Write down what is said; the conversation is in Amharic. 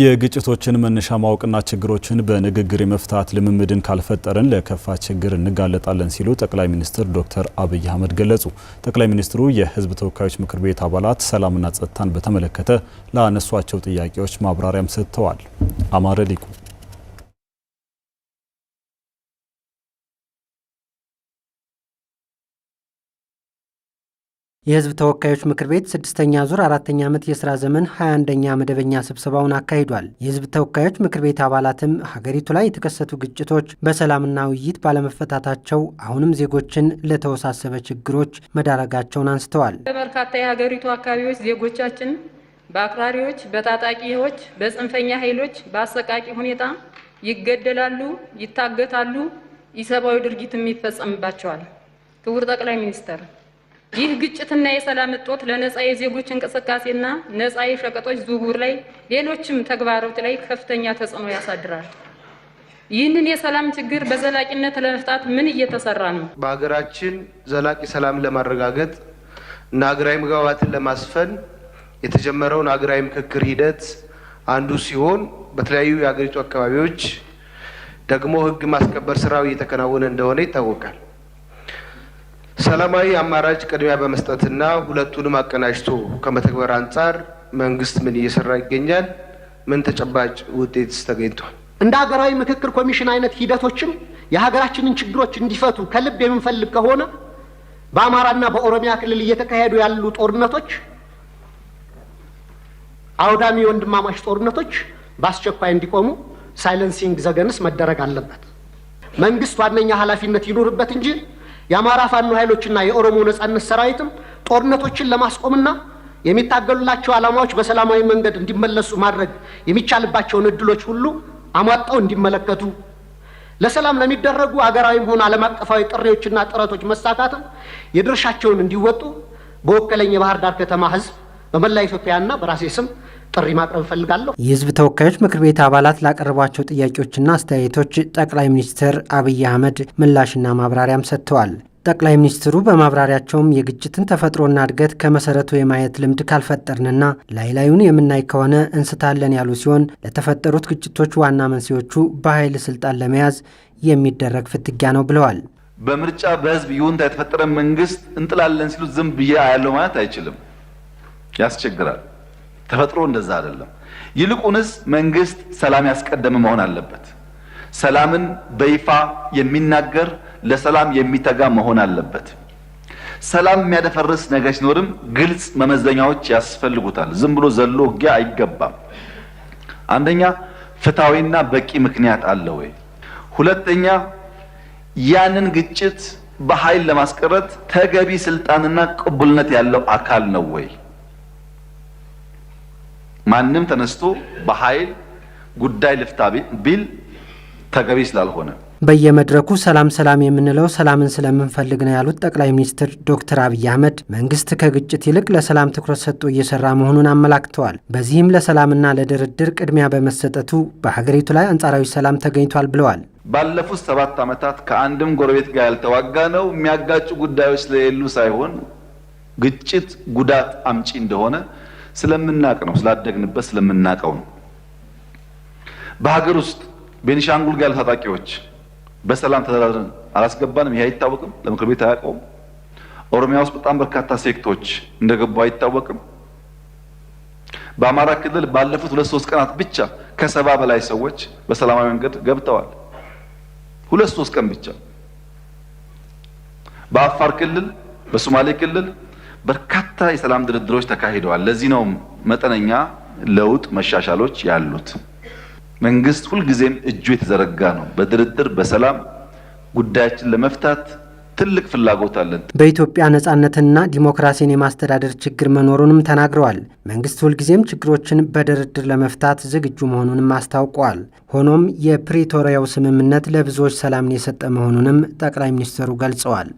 የግጭቶችን መነሻ ማወቅና ችግሮችን በንግግር የመፍታት ልምምድን ካልፈጠርን ለከፋ ችግር እንጋለጣለን ሲሉ ጠቅላይ ሚኒስትር ዶክተር አብይ አህመድ ገለጹ። ጠቅላይ ሚኒስትሩ የሕዝብ ተወካዮች ምክር ቤት አባላት ሰላምና ጸጥታን በተመለከተ ላነሷቸው ጥያቄዎች ማብራሪያም ሰጥተዋል። አማረ ሊቁ የህዝብ ተወካዮች ምክር ቤት ስድስተኛ ዙር አራተኛ ዓመት የሥራ ዘመን 21ኛ መደበኛ ስብሰባውን አካሂዷል። የህዝብ ተወካዮች ምክር ቤት አባላትም ሀገሪቱ ላይ የተከሰቱ ግጭቶች በሰላምና ውይይት ባለመፈታታቸው አሁንም ዜጎችን ለተወሳሰበ ችግሮች መዳረጋቸውን አንስተዋል። በበርካታ የሀገሪቱ አካባቢዎች ዜጎቻችን በአክራሪዎች፣ በታጣቂዎች፣ በጽንፈኛ ኃይሎች በአሰቃቂ ሁኔታ ይገደላሉ፣ ይታገታሉ፣ ኢሰብአዊ ድርጊትም ይፈጸምባቸዋል። ክቡር ጠቅላይ ሚኒስትር ይህ ግጭትና የሰላም እጦት ለነጻ የዜጎች እንቅስቃሴና ነጻ የሸቀጦች ዝውውር ላይ ሌሎችም ተግባሮች ላይ ከፍተኛ ተጽዕኖ ያሳድራል። ይህንን የሰላም ችግር በዘላቂነት ለመፍታት ምን እየተሰራ ነው? በሀገራችን ዘላቂ ሰላም ለማረጋገጥ እና ሀገራዊ መግባባትን ለማስፈን የተጀመረውን ሀገራዊ ምክክር ሂደት አንዱ ሲሆን በተለያዩ የሀገሪቱ አካባቢዎች ደግሞ ሕግ ማስከበር ስራው እየተከናወነ እንደሆነ ይታወቃል። ሰላማዊ አማራጭ ቅድሚያ በመስጠትና ሁለቱንም አቀናጅቶ ከመተግበር አንጻር መንግስት ምን እየሰራ ይገኛል? ምን ተጨባጭ ውጤትስ ተገኝቷል? እንደ ሀገራዊ ምክክር ኮሚሽን አይነት ሂደቶችም የሀገራችንን ችግሮች እንዲፈቱ ከልብ የምንፈልግ ከሆነ በአማራና በኦሮሚያ ክልል እየተካሄዱ ያሉ ጦርነቶች አውዳሚ ወንድማማች ጦርነቶች በአስቸኳይ እንዲቆሙ ሳይለንሲንግ ዘገንስ መደረግ አለበት። መንግስት ዋነኛ ኃላፊነት ይኖርበት እንጂ የአማራ ፋኖ ኃይሎችና የኦሮሞ ነጻነት ሰራዊትም ጦርነቶችን ለማስቆምና የሚታገሉላቸው ዓላማዎች በሰላማዊ መንገድ እንዲመለሱ ማድረግ የሚቻልባቸውን እድሎች ሁሉ አሟጣው እንዲመለከቱ ለሰላም ለሚደረጉ አገራዊም ሆነ ዓለም አቀፋዊ ጥሪዎችና ጥረቶች መሳካትም የድርሻቸውን እንዲወጡ በወከለኝ የባህር ዳር ከተማ ህዝብ በመላ ኢትዮጵያና በራሴ ስም ጥሪ ማቅረብ እፈልጋለሁ። የህዝብ ተወካዮች ምክር ቤት አባላት ላቀረቧቸው ጥያቄዎችና አስተያየቶች ጠቅላይ ሚኒስትር አብይ አህመድ ምላሽና ማብራሪያም ሰጥተዋል። ጠቅላይ ሚኒስትሩ በማብራሪያቸውም የግጭትን ተፈጥሮና እድገት ከመሰረቱ የማየት ልምድ ካልፈጠርንና ላይ ላዩን የምናይ ከሆነ እንስታለን ያሉ ሲሆን ለተፈጠሩት ግጭቶች ዋና መንስኤዎቹ በኃይል ስልጣን ለመያዝ የሚደረግ ፍትጊያ ነው ብለዋል። በምርጫ በህዝብ ይሁንታ የተፈጠረ መንግስት እንጥላለን ሲሉ ዝም ብዬ አያለው ማለት አይችልም፣ ያስቸግራል። ተፈጥሮ እንደዛ አይደለም። ይልቁንስ መንግስት ሰላም ያስቀደመ መሆን አለበት። ሰላምን በይፋ የሚናገር ለሰላም የሚተጋ መሆን አለበት። ሰላም የሚያደፈርስ ነገር ሲኖርም ግልጽ መመዘኛዎች ያስፈልጉታል። ዝም ብሎ ዘሎ ውጊያ አይገባም። አንደኛ ፍትሐዊና በቂ ምክንያት አለ ወይ? ሁለተኛ ያንን ግጭት በኃይል ለማስቀረት ተገቢ ስልጣንና ቅቡልነት ያለው አካል ነው ወይ? ማንም ተነስቶ በኃይል ጉዳይ ልፍታ ቢል ተገቢ ስላልሆነ በየመድረኩ ሰላም ሰላም የምንለው ሰላምን ስለምንፈልግ ነው ያሉት ጠቅላይ ሚኒስትር ዶክተር አብይ አህመድ መንግስት ከግጭት ይልቅ ለሰላም ትኩረት ሰጥቶ እየሰራ መሆኑን አመላክተዋል። በዚህም ለሰላምና ለድርድር ቅድሚያ በመሰጠቱ በሀገሪቱ ላይ አንጻራዊ ሰላም ተገኝቷል ብለዋል። ባለፉት ሰባት ዓመታት ከአንድም ጎረቤት ጋር ያልተዋጋ ነው የሚያጋጩ ጉዳዮች ስለሌሉ ሳይሆን ግጭት ጉዳት አምጪ እንደሆነ ስለምናቅ ነው፣ ስላደግንበት ስለምናቀው ነው። በሀገር ውስጥ ቤኒሻንጉል ጋር ያሉ ታጣቂዎች በሰላም ተደራድረን አላስገባንም። ይህ አይታወቅም፣ ለምክር ቤት አያውቀውም። ኦሮሚያ ውስጥ በጣም በርካታ ሴክቶች እንደገቡ አይታወቅም። በአማራ ክልል ባለፉት ሁለት ሶስት ቀናት ብቻ ከሰባ በላይ ሰዎች በሰላማዊ መንገድ ገብተዋል። ሁለት ሶስት ቀን ብቻ በአፋር ክልል፣ በሶማሌ ክልል በርካታ የሰላም ድርድሮች ተካሂደዋል። ለዚህ ነው መጠነኛ ለውጥ መሻሻሎች ያሉት። መንግስት ሁልጊዜም እጁ የተዘረጋ ነው። በድርድር በሰላም ጉዳያችን ለመፍታት ትልቅ ፍላጎት አለን። በኢትዮጵያ ነጻነትና ዲሞክራሲን የማስተዳደር ችግር መኖሩንም ተናግረዋል። መንግስት ሁልጊዜም ችግሮችን በድርድር ለመፍታት ዝግጁ መሆኑንም አስታውቀዋል። ሆኖም የፕሪቶሪያው ስምምነት ለብዙዎች ሰላምን የሰጠ መሆኑንም ጠቅላይ ሚኒስትሩ ገልጸዋል።